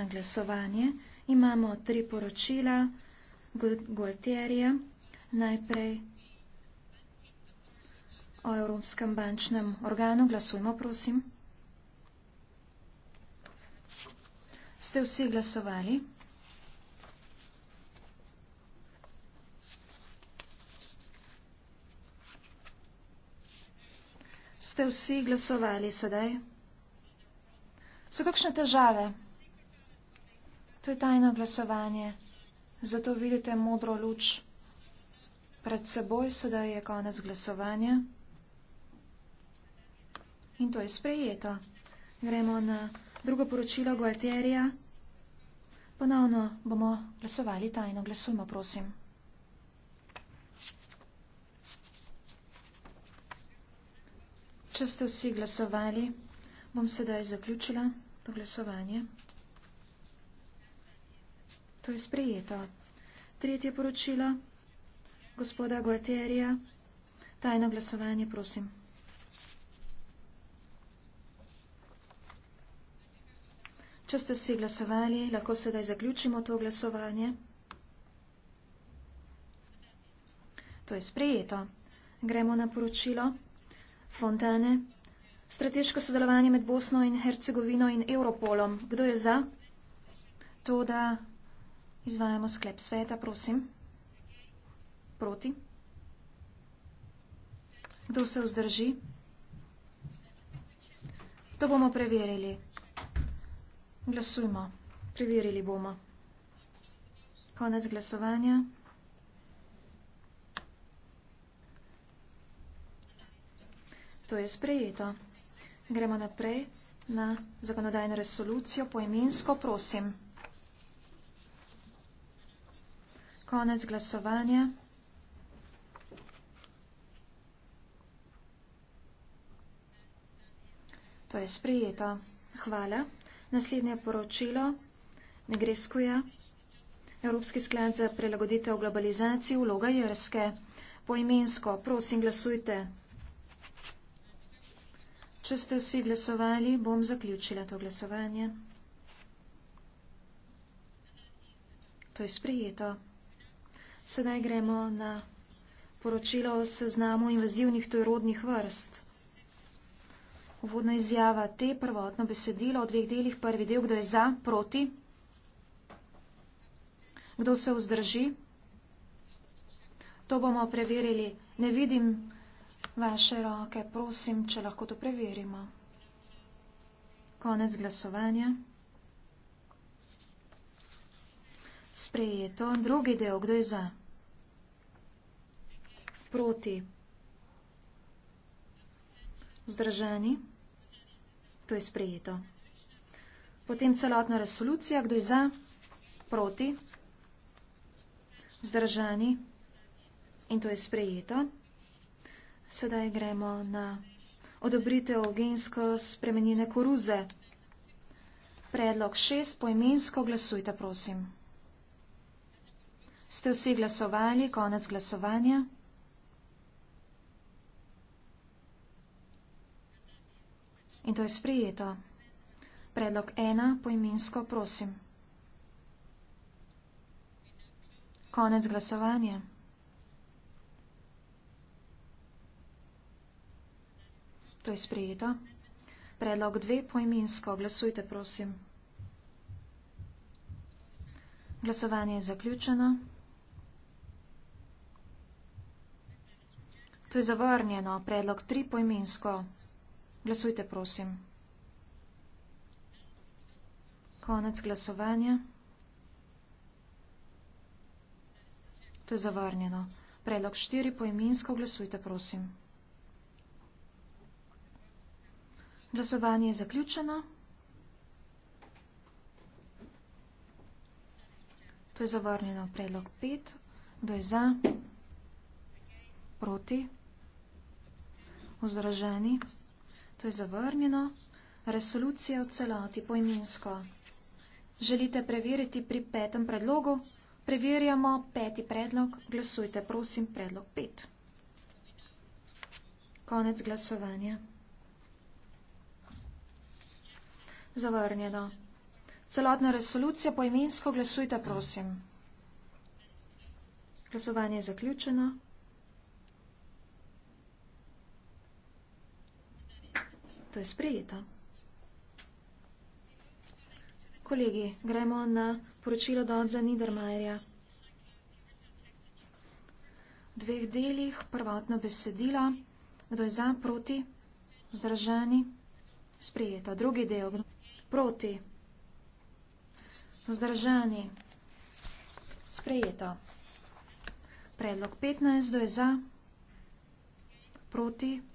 na glasovanje. Imamo tri poročila Gualtierja. Najprej o Evropskem bančnem organu. Glasujmo, prosim. Ste vsi glasovali? Ste vsi glasovali sedaj? So kakšne težave? To je tajno glasovanje. Zato vidite modro luč. Pred seboj sedaj je konec glasovanja. In to je sprejeto. Gremo na drugo poročilo Gualterija. Ponovno bomo glasovali tajno. Glasujmo, prosim. Če ste vsi glasovali, bom sedaj zaključila to glasovanje. To je sprejeto. Tretje poročilo gospoda Gualterija. Tajno glasovanje, prosim. Če ste si glasovali, lahko sedaj zaključimo to glasovanje. To je sprejeto. Gremo na poročilo. Fontane. Strateško sodelovanje med Bosno in Hercegovino in Europolom. Kdo je za? To, da Izvajamo sklep sveta, prosim. Proti. Kdo se vzdrži? To bomo preverili. Glasujmo. Preverili bomo. Konec glasovanja. To je sprejeto. Gremo naprej na zakonodajno resolucijo. Poimensko prosim. Konec glasovanja. To je sprejeto. Hvala. Naslednje poročilo. Negreskuja. Evropski sklad za prelagoditev globalizacije vloga Jerske. Poimensko, prosim, glasujte. Če ste vsi glasovali, bom zaključila to glasovanje. To je sprejeto. Sedaj gremo na poročilo o seznamu invazivnih tujrodnih vrst. Uvodna izjava te prvotno besedilo o dveh delih. Prvi del, kdo je za, proti, kdo se vzdrži. To bomo preverili. Ne vidim vaše roke. Prosim, če lahko to preverimo. Konec glasovanja. Sprejeto. Drugi del. Kdo je za? Proti. Vzdržani. To je sprejeto. Potem celotna resolucija. Kdo je za? Proti. Vzdržani. In to je sprejeto. Sedaj gremo na odobritev gensko spremenjene koruze. Predlog 6. Poimensko glasujte, prosim. Ste vsi glasovali, konec glasovanja? In to je sprijeto. Predlog ena, poimensko, prosim. Konec glasovanja. To je sprijeto. Predlog dve, poimensko, glasujte, prosim. Glasovanje je zaključeno. To je zavrnjeno. Predlog tri poimensko. Glasujte, prosim. Konec glasovanja. To je zavrnjeno. Predlog štiri poimensko. Glasujte, prosim. Glasovanje je zaključeno. To je zavrnjeno. Predlog pet. Kdo je za? Proti? vzraženi, to je zavrnjeno, resolucija v celoti poimensko. Želite preveriti pri petem predlogu? Preverjamo peti predlog, glasujte prosim predlog pet. Konec glasovanja. Zavrnjeno. Celotna resolucija poimensko glasujte prosim. Glasovanje je zaključeno. to je sprejeto. Kolegi, gremo na poročilo Donza Niedermayerja. V dveh delih prvotno besedilo, kdo je za, proti, vzdržani, sprejeto. Drugi del, proti, vzdržani, sprejeto. Predlog 15, kdo je za, proti, vzdržani.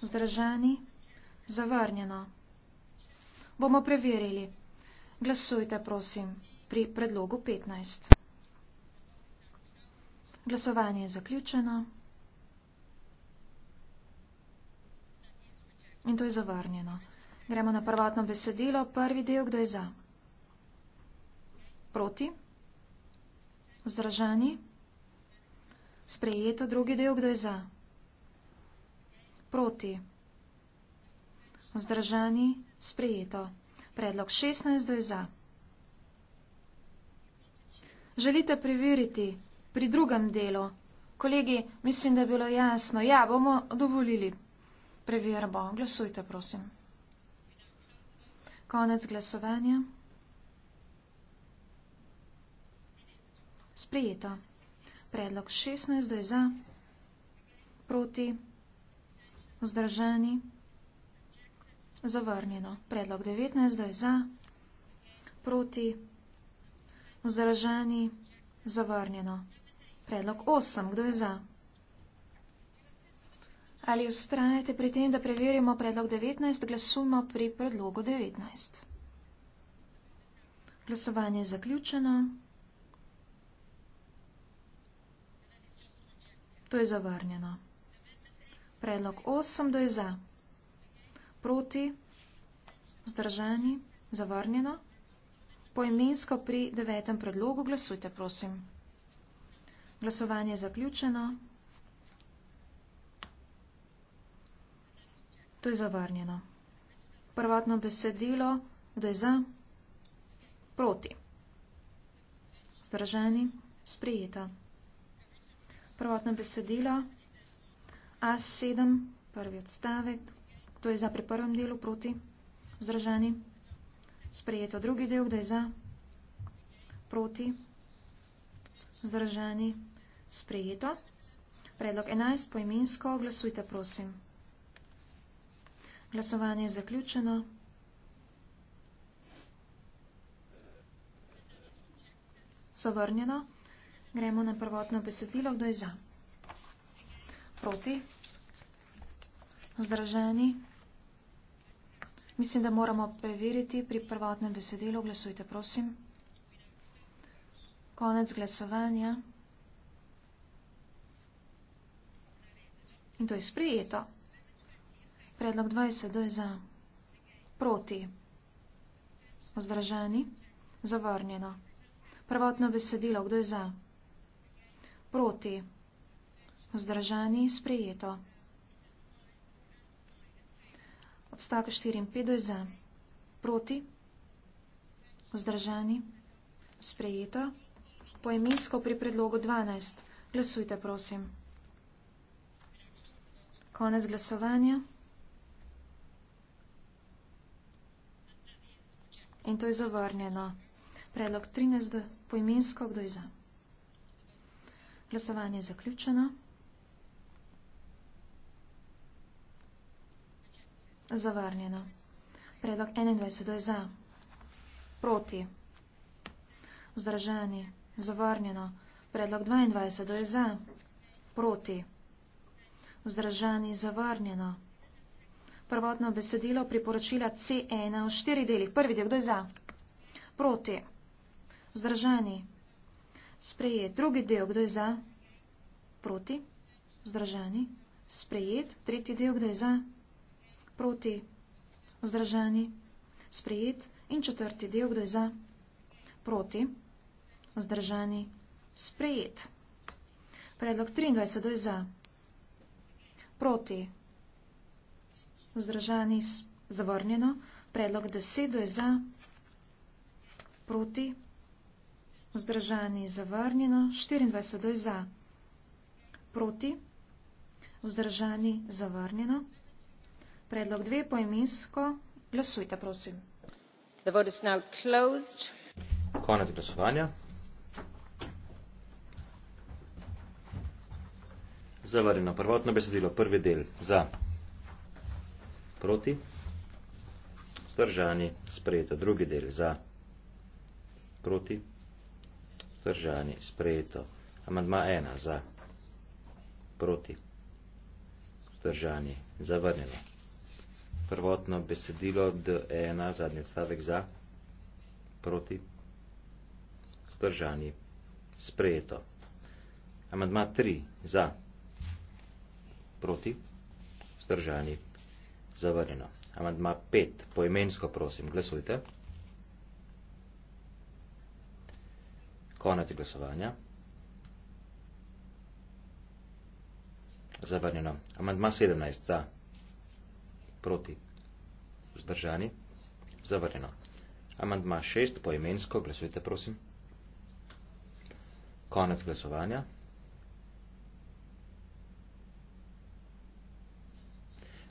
Vzdržani? Zavrnjeno. Bomo preverili. Glasujte, prosim, pri predlogu 15. Glasovanje je zaključeno. In to je zavrnjeno. Gremo na prvotno besedilo. Prvi del, kdo je za? Proti? Vzdržani? Sprejeto drugi del, kdo je za? Proti? proti. Vzdržani, sprejeto. Predlog 16 do je za. Želite priveriti pri drugem delu? Kolegi, mislim, da je bilo jasno. Ja, bomo dovolili preverbo. Glasujte, prosim. Konec glasovanja. Sprejeto. Predlog 16 do je za. Proti. Vzdržani. Zavrnjeno. Predlog 19. Zdaj za. Proti. Vzdržani. Zavrnjeno. Predlog 8. Kdo je za? Ali ustrajate pri tem, da preverimo predlog 19, glasujmo pri predlogu 19. Glasovanje je zaključeno. To je zavrnjeno. Predlog 8, kdo je za? Proti, vzdržani, zavrnjeno. Poimensko pri devetem predlogu glasujte, prosim. Glasovanje je zaključeno. To je zavrnjeno. Prvotno besedilo, kdo je za? Proti. Vzdržani, sprijeta. Prvotno besedilo, kdo je za? A7, prvi odstavek, kdo je za pri prvem delu proti zdržani, sprejeto drugi del, kdo je za proti zdržani, sprejeto. Predlog 11, poimensko, glasujte prosim. Glasovanje je zaključeno. Sovrnjeno. Gremo na prvotno besedilo, kdo je za. Proti? Vzdraženi? Mislim, da moramo preveriti pri prvotnem besedelu. Glasujte, prosim. Konec glasovanja. In to je sprejeto. Predlog 20. Do je za. Proti. Vzdraženi? Zavrnjeno. Prvotno besedilo. Kdo je za? Proti. Proti vzdržani in sprejeto. Odstavek 54 je za. Proti, vzdržani, sprejeto. Poemensko pri predlogu 12. Glasujte, prosim. Konec glasovanja. In to je zavrnjeno. Predlog 13. Poemensko, kdo je za. Glasovanje je zaključeno. Zavrnjeno. Predlog 21. Kdo je za? Proti. Vzdržani. Zavrnjeno. Predlog 22. Kdo je za? Proti. Vzdržani. Zavrnjeno. Prvotno besedilo priporočila C1 v štiri delih. Prvi del, kdo je za? Proti. Vzdržani. Sprejet. Drugi del, kdo je za? Proti. Vzdržani. Sprejet. Tretji del, kdo je za? Proti proti, vzdržani, sprejet in četrti del, kdo je za, proti, vzdržani, sprejet. Predlog 23, kdo je za, proti, vzdržani, zavrnjeno, predlog 10, kdo je za, proti, vzdržani, zavrnjeno, 24, kdo je za, proti, vzdržani, zavrnjeno, 24, kdo je za, proti, predlog dve poimensko glasujte prosim The vote is now closed. Konec glasovanja. Zavarjeno prvotno besedilo, prvi del za, proti, zdržani, sprejeto, drugi del za, proti, zdržani, sprejeto, amadma ena za, proti, zdržani, zavrnjeno prvotno besedilo D1, e zadnji odstavek za, proti, zdržani, sprejeto. Amandma 3, za, proti, zdržani, zavrnjeno. Amandma 5, poimensko prosim, glasujte. Konec glasovanja. Zavrnjeno. Amandma 17, za, proti, zdržani, zavrnjeno proti. Zdržani? Zavrjeno. Amandma 6 po imensko, glasujte prosim. Konec glasovanja.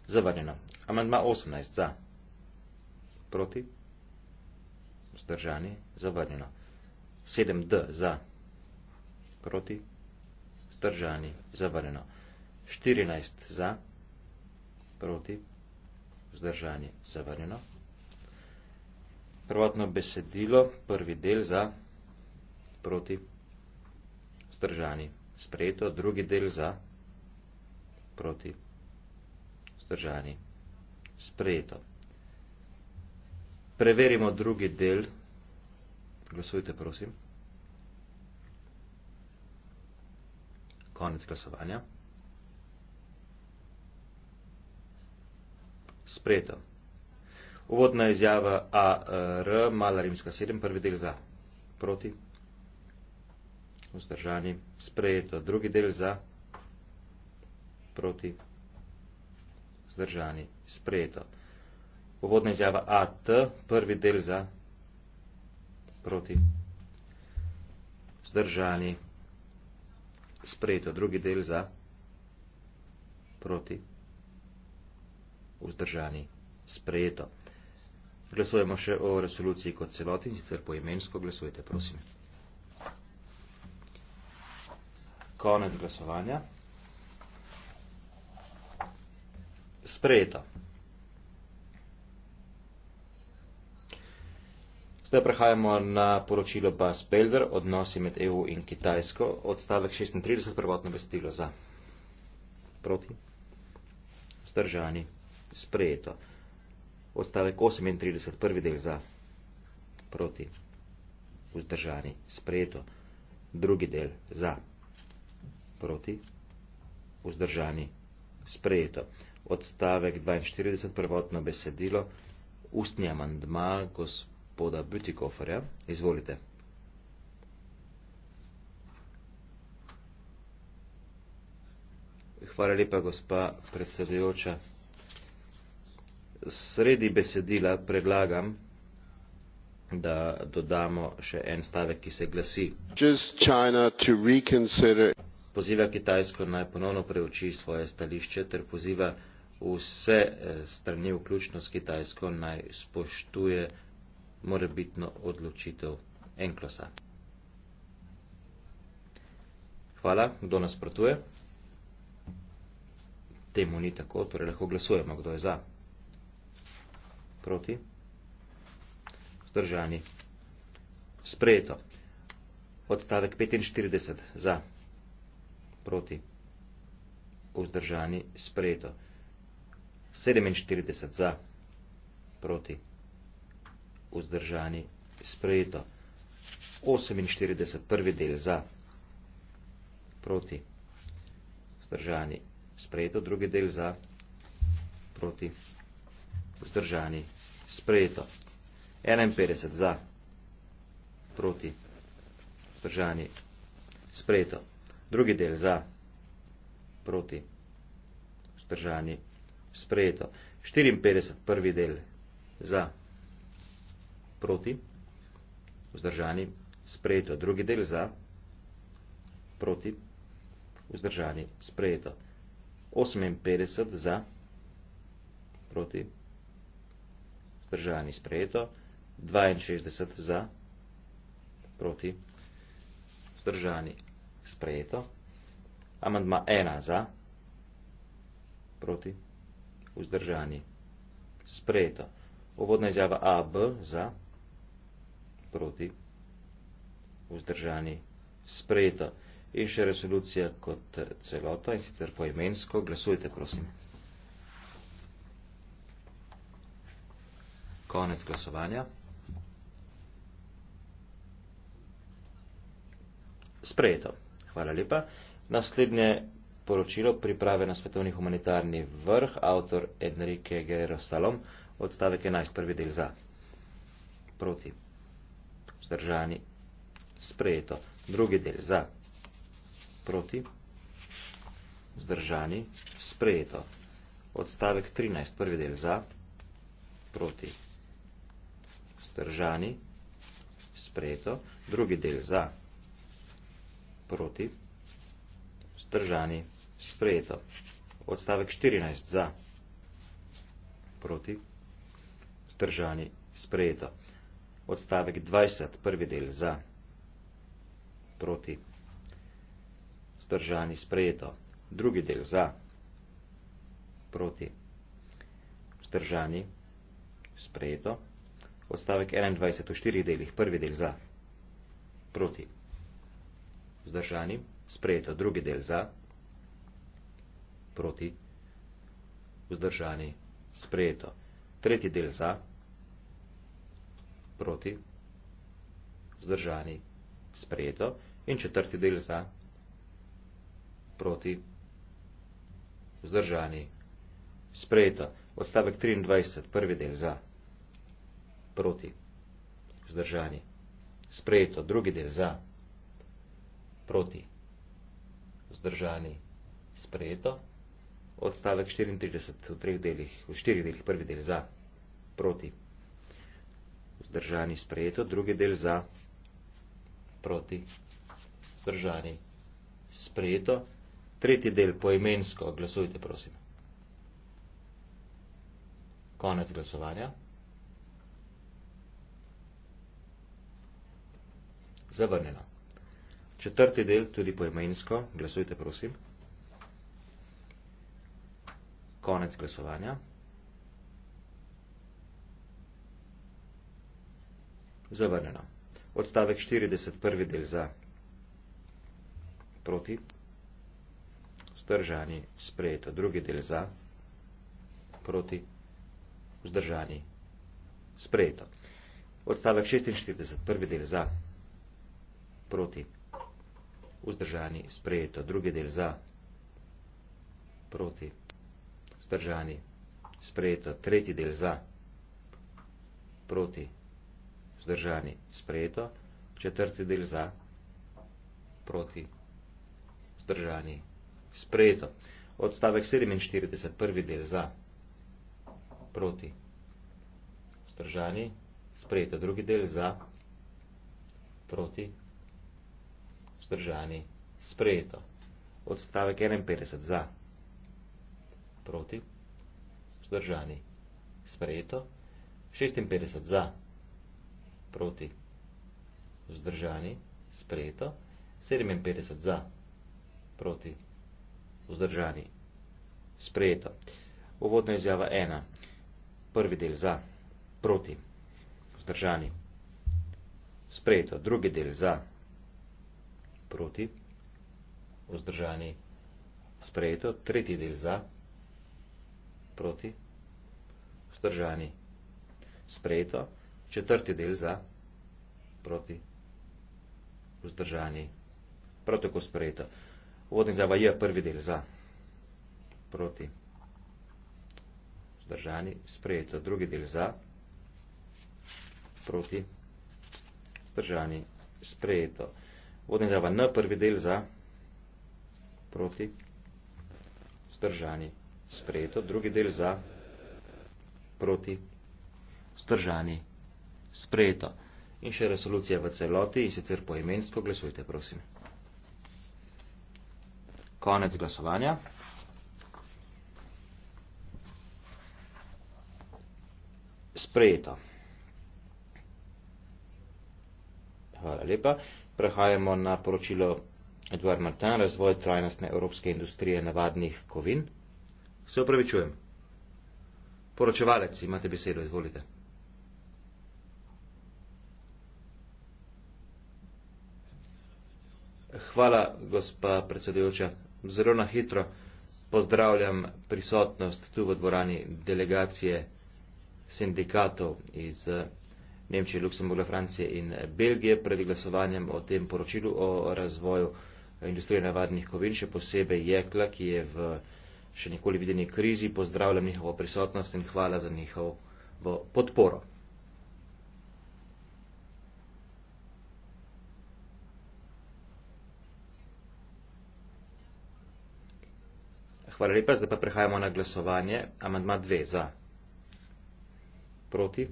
Zavrjeno. Amandma 18 za. Proti. Zdržani? Zavrjeno. 7D za. Proti. Zdržani? Zavrjeno. 14 za. Proti vzdržanje zavrnjeno. Prvotno besedilo, prvi del za proti vzdržani sprejeto, drugi del za proti vzdržani sprejeto. Preverimo drugi del. Glasujte, prosim. Konec glasovanja. spreten. Uvodna izjava AR, mala rimska 7, prvi del za, proti, vzdržani, sprejeto, drugi del za, proti, vzdržani, sprejeto. Uvodna izjava AT, prvi del za, proti, vzdržani, sprejeto, drugi del za, proti, vzdržani vzdržani, sprejeto. Glasujemo še o resoluciji kot celoti in sicer poimensko glasujte, prosim. Konec glasovanja. Sprejeto. Zdaj prehajamo na poročilo Bas Belder, odnosi med EU in Kitajsko, odstavek 36, prvotno vestilo za. Proti? Vzdržani sprejeto. Odstavek 38, prvi del za, proti, vzdržani, sprejeto. Drugi del za, proti, vzdržani, sprejeto. Odstavek 42, prvotno besedilo, ustni amandma gospoda Butikoferja. Izvolite. Hvala lepa, gospa predsedujoča sredi besedila predlagam, da dodamo še en stavek, ki se glasi. Poziva Kitajsko naj ponovno preuči svoje stališče ter poziva vse eh, strani, vključno s Kitajsko, naj spoštuje morebitno odločitev Enklosa. Hvala. Kdo nas protuje? Temu ni tako, torej lahko glasujemo, kdo je za proti, vzdržani, sprejeto. Odstavek 45 za, proti, vzdržani, sprejeto. 47 za, proti, vzdržani, sprejeto. 48 prvi del za, proti, vzdržani, sprejeto. Drugi del za, proti, vzdržani, sprejeto sprejeto. 51 za, proti, vzdržani, sprejeto. Drugi del za, proti, vzdržani, sprejeto. 54 prvi del za, proti, vzdržani, sprejeto. Drugi del za, proti, vzdržani, sprejeto. 58 za, proti, vzdržani, sprejeto vzdržani sprejeto, 62 za, proti, vzdržani sprejeto, amandma 1 za, proti, vzdržani sprejeto, uvodna izjava A, B za, proti, vzdržani sprejeto. In še resolucija kot celota in sicer poimensko. Glasujte, prosim. konec glasovanja. Sprejeto. Hvala lepa. Naslednje poročilo priprave na svetovni humanitarni vrh, avtor Enrique Guerrero Salom, odstavek 11, prvi del za. Proti. Zdržani. Sprejeto. Drugi del za. Proti. Zdržani. Sprejeto. Odstavek 13, prvi del za. Proti vzdržani, sprejeto, drugi del za, proti, vzdržani, sprejeto, odstavek 14 za, proti, vzdržani, sprejeto, odstavek 20, prvi del za, proti, vzdržani, sprejeto, drugi del za, proti, vzdržani, sprejeto, sprejeto, odstavek 21 v štirih delih, prvi del za, proti, vzdržani, sprejeto, drugi del za, proti, vzdržani, sprejeto, tretji del za, proti, vzdržani, sprejeto in četrti del za, proti, vzdržani, sprejeto, odstavek 23, prvi del za proti, vzdržani. Sprejeto, drugi del za, proti, vzdržani, sprejeto. Odstavek 34 v treh delih, v štirih delih, prvi del za, proti, vzdržani, sprejeto, drugi del za, proti, vzdržani, sprejeto, tretji del poimensko, glasujte prosim. Konec glasovanja. zavrnjena. Četrti del, tudi poimensko, glasujte prosim. Konec glasovanja. Zavrnjena. Odstavek 40, prvi del za. Proti. Vzdržani, sprejeto. Drugi del za. Proti. Vzdržani, sprejeto. Odstavek 46, prvi del za proti, vzdržani, sprejeto, drugi del za, proti, vzdržani, sprejeto, tretji del za, proti, vzdržani, sprejeto, četrti del za, proti, vzdržani, sprejeto. Odstavek 47, prvi del za, proti, vzdržani, sprejeto, drugi del za, proti, vzdržani, sprejeto vzdržani, sprejeto. Odstavek 51 za. Proti, vzdržani, sprejeto. 56 za, proti, vzdržani, sprejeto. 57 za, proti, vzdržani, sprejeto. Uvodna izjava 1. Prvi del za, proti, vzdržani, sprejeto. Drugi del za, proti, vzdržani, sprejeto, tretji del za, proti, vzdržani, sprejeto, četrti del za, proti, vzdržani, prav tako sprejeto. Vodni zava je prvi del za, proti, vzdržani, sprejeto, drugi del za, proti, vzdržani, sprejeto. Sprejeto vodnega v N prvi del za proti vzdržani sprejeto, drugi del za proti vzdržani sprejeto. In še resolucija v celoti in sicer poimensko glasujte, prosim. Konec glasovanja. Sprejeto. lepa. Prehajamo na poročilo Eduard Martin, razvoj trajnostne evropske industrije navadnih kovin. Se upravičujem. Poročevalec, imate besedo, izvolite. Hvala, gospa predsedujoča. Zelo na hitro pozdravljam prisotnost tu v dvorani delegacije sindikatov iz Nemčije, Luksemburga, Francije in eh, Belgije pred glasovanjem o tem poročilu o razvoju eh, industrije navadnih kovin, še posebej jekla, ki je v še nikoli videni krizi. Pozdravljam njihovo prisotnost in hvala za njihovo podporo. Hvala lepa, zdaj pa prehajamo na glasovanje. Amandma 2 za. Proti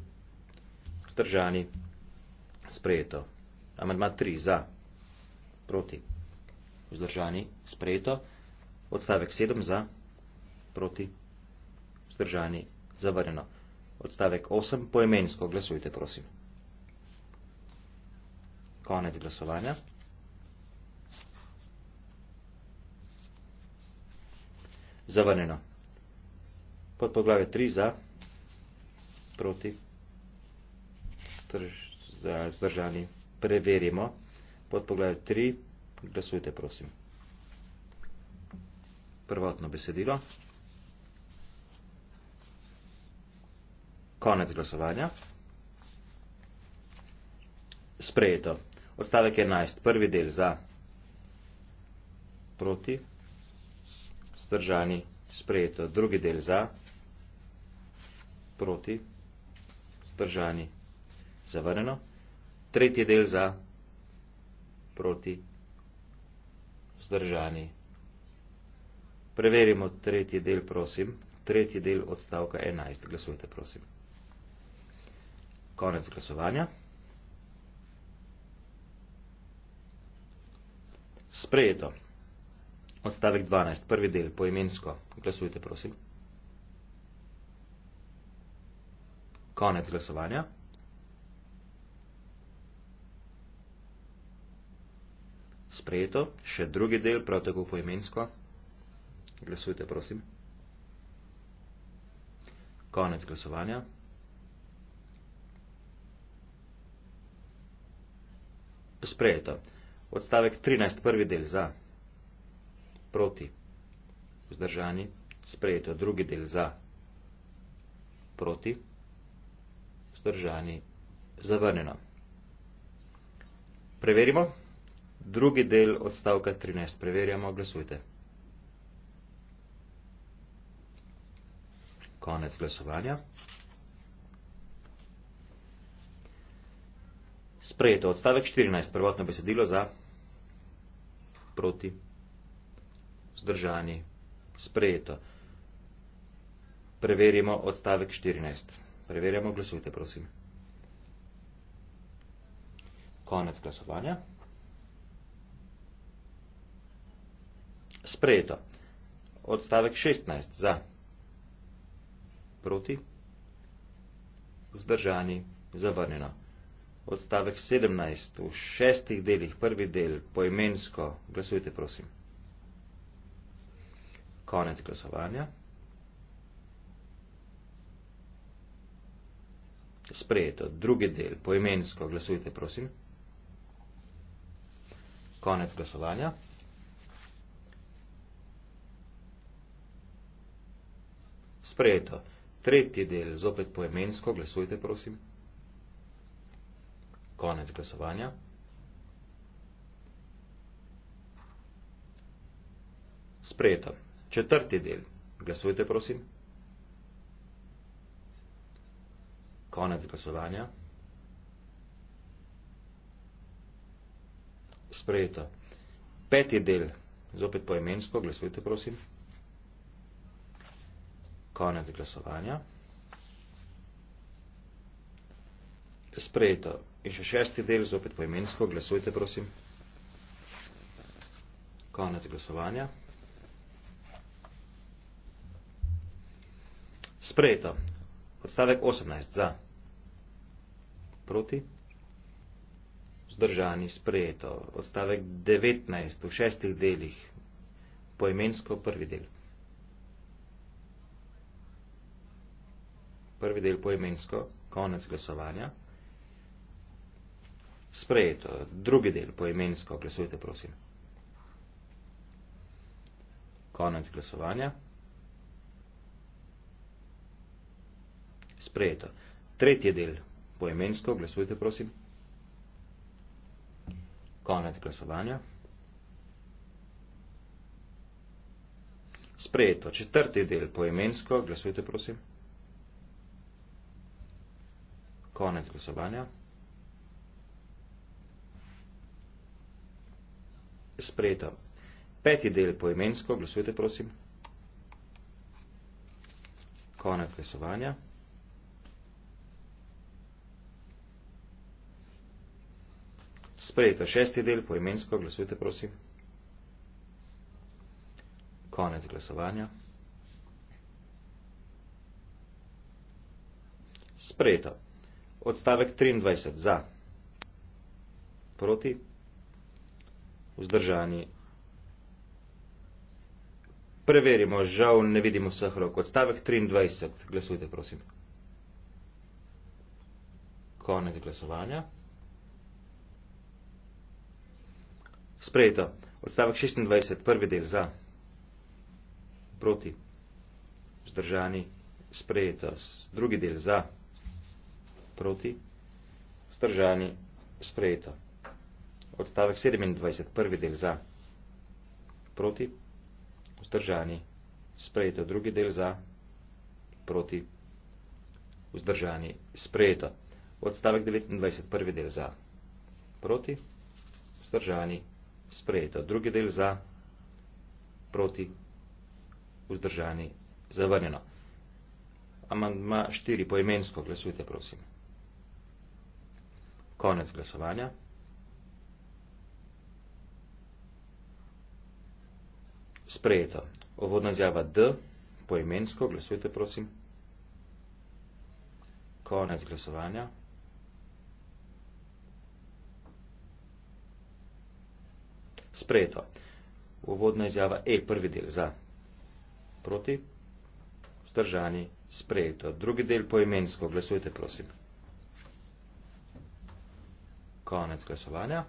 vzdržani. Sprejeto. Amandma 3 za. Proti. Vzdržani. Sprejeto. Odstavek 7 za. Proti. Vzdržani. Zavrjeno. Odstavek 8 poemensko. Glasujte, prosim. Konec glasovanja. Zavrnjeno. Pod poglavje 3 za, proti, zdržani. Preverimo. Pod poglavjem 3 glasujte, prosim. Prvotno besedilo. Konec glasovanja. Sprejeto. Odstavek 11. Prvi del za. Proti. Zdržani. Sprejeto. Drugi del za. Proti. Zdržani zavrnjeno, tretji del za proti vzdržani. Preverimo tretji del, prosim, tretji del odstavka 11. Glasujte, prosim. Konec glasovanja. Sprejeto. Odstavek 12, prvi del, poimensko. Glasujte, prosim. Konec glasovanja. sprejeto, še drugi del, prav tako poimensko. Glasujte, prosim. Konec glasovanja. Sprejeto. Odstavek 13, prvi del za, proti, vzdržani, sprejeto, drugi del za, proti, vzdržani, zavrnjeno. Preverimo. Drugi del odstavka 13. Preverjamo, glasujte. Konec glasovanja. Sprejeto odstavek 14. Prvotno besedilo za proti vzdržani. Sprejeto. Preverimo odstavek 14. Preverjamo, glasujte, prosim. Konec glasovanja. sprejeto. Odstavek 16. Za. Proti. Vzdržani. Zavrnjeno. Odstavek 17. V šestih delih, prvi del, poimensko, glasujte prosim. Konec glasovanja. Sprejeto. Drugi del, poimensko, glasujte prosim. Konec glasovanja. Sprejeto. Tretji del, zopet poemensko, glasujte, prosim. Konec glasovanja. Sprejeto. Četrti del, glasujte, prosim. Konec glasovanja. Sprejeto. Peti del, zopet poemensko, glasujte, prosim konec glasovanja. Sprejeto. In še šesti del, zopet poimensko, glasujte prosim. Konec glasovanja. Sprejeto. Odstavek 18. Za. Proti. Zdržani. Sprejeto. Odstavek 19. V šestih delih. Poimensko prvi del. prvi del poimensko, konec glasovanja. Sprejeto, drugi del poimensko, glasujte prosim. Konec glasovanja. Sprejeto, tretji del poimensko, glasujte prosim. Konec glasovanja. Sprejeto, četrti del poimensko, glasujte prosim konec glasovanja. Sprejeto. Peti del poimensko, glasujte prosim. Konec glasovanja. Sprejeto. Šesti del poimensko, glasujte prosim. Konec glasovanja. Sprejeto. Odstavek 23. Za. Proti. Vzdržani. Preverimo, žal ne vidimo vseh rok. Odstavek 23. Glasujte, prosim. Konec glasovanja. Sprejeto. Odstavek 26. Prvi del za. Proti. Vzdržani. Sprejeto. Drugi del za proti, vzdržani, sprejeto. Odstavek 27, prvi del za, proti, vzdržani, sprejeto, drugi del za, proti, vzdržani, sprejeto. Odstavek 29, prvi del za, proti, vzdržani, sprejeto, drugi del za, proti, vzdržani, zavrnjeno. Amandma 4, poimensko glasujte, prosim. Konec glasovanja. Sprejeto. Ovodna zjava D, poimensko, glasujte prosim. Konec glasovanja. Sprejeto. Uvodna izjava E, prvi del za, proti, vzdržani, sprejeto. Drugi del poimensko, glasujte prosim konec glasovanja.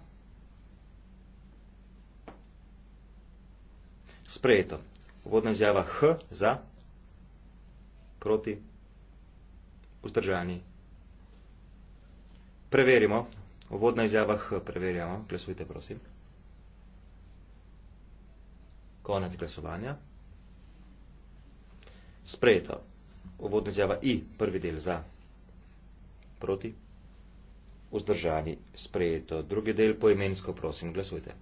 Sprejeto. Vodna izjava H za, proti, vzdržani. Preverimo. Vodna izjava H preverjamo. Glasujte, prosim. Konec glasovanja. Sprejeto. Vodna izjava I, prvi del za, proti, vzdržani vzdržani, sprejeto. Drugi del poimensko prosim glasujte.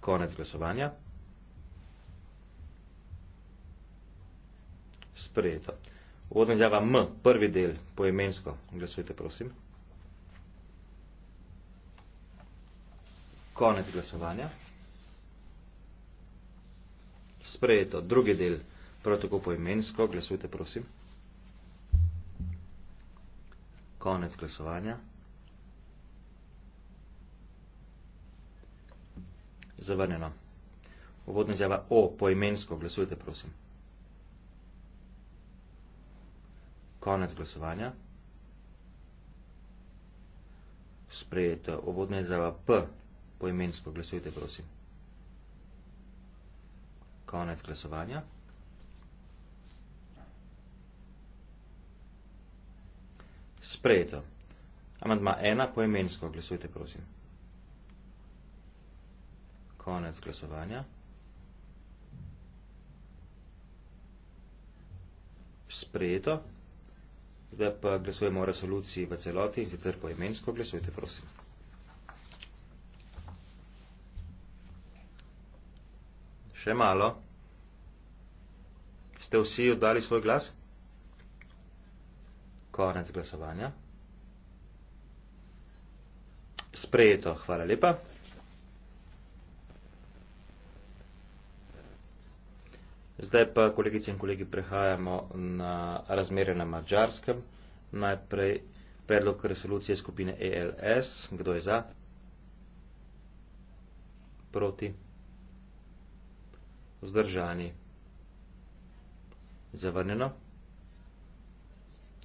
Konec glasovanja. Sprejeto. Uvodna izjava M, prvi del poimensko glasujte, prosim. Konec glasovanja. Sprejeto. Drugi del, prav tako poimensko glasujte, prosim konec glasovanja. Zavrnjeno. Uvodna izjava O, poimensko, glasujte prosim. Konec glasovanja. Sprejeto. Uvodna izjava P, poimensko, glasujte prosim. Konec glasovanja. Sprejeto. Amandma ena poimensko, glasujte prosim. Konec glasovanja. Sprejeto. Zdaj pa glasujemo o resoluciji v celoti in sicer poimensko, glasujte prosim. Še malo. Ste vsi oddali svoj glas? konec glasovanja. Sprejeto, hvala lepa. Zdaj pa, kolegice in kolegi, prehajamo na razmere na mađarskem. Najprej predlog resolucije skupine ELS. Kdo je za? Proti? Vzdržani? Zavrnjeno? Zavrnjeno?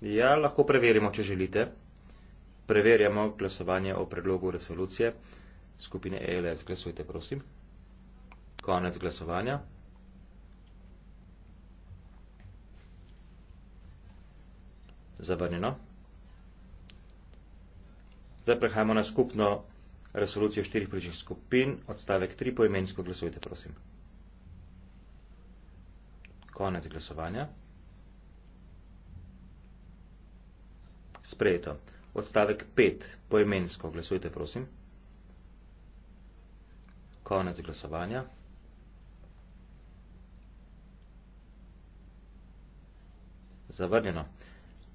Ja, lahko preverimo, če želite. Preverjamo glasovanje o predlogu resolucije skupine ELS. Glasujte, prosim. Konec glasovanja. Zavrnjeno. Zdaj prehajamo na skupno resolucijo štirih političnih skupin. Odstavek 3 poimensko glasujte, prosim. Konec glasovanja. sprejeto. Odstavek 5. Poimensko glasujte, prosim. Konec glasovanja. Zavrnjeno.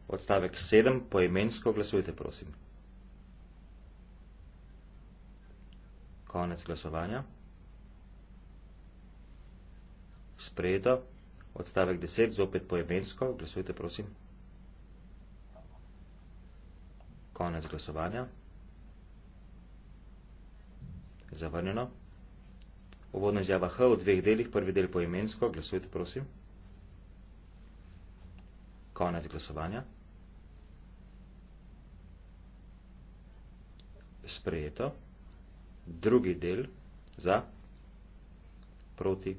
Odstavek 7. Poimensko glasujte, prosim. Konec glasovanja. Sprejeto. Odstavek 10. Zopet poimensko glasujte, prosim. Konec glasovanja. Zavrnjeno. Uvodna izjava H v dveh delih, prvi del poimensko, glasujte prosim. Konec glasovanja. Sprejeto. Drugi del za, proti,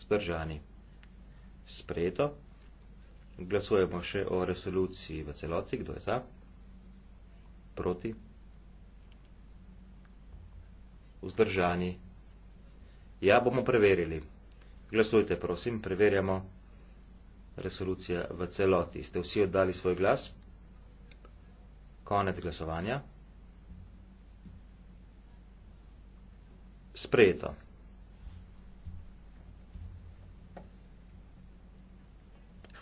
vzdržani. Sprejeto. Glasujemo še o resoluciji v celoti, kdo je za. Sprejeto proti, vzdržani. Ja, bomo preverili. Glasujte, prosim, preverjamo resolucija v celoti. Ste vsi oddali svoj glas? Konec glasovanja. Sprejeto.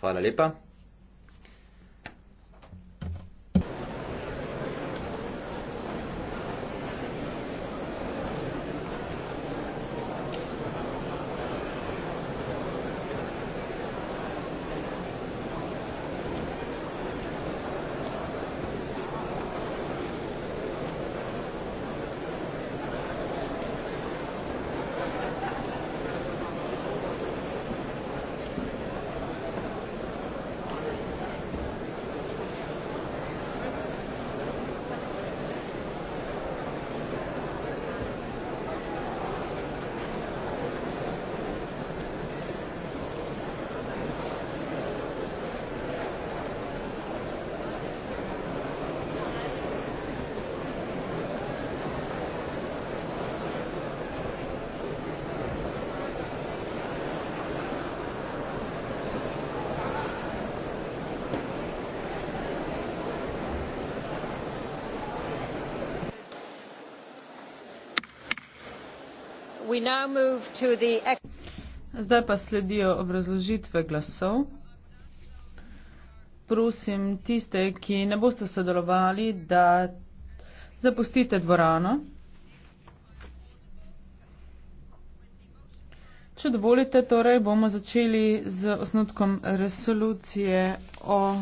Hvala lepa. zdaj pa sledijo obrazložitve glasov. Prosim tiste, ki ne boste sodelovali, da zapustite dvorano. Če dovolite, torej bomo začeli z osnutkom resolucije o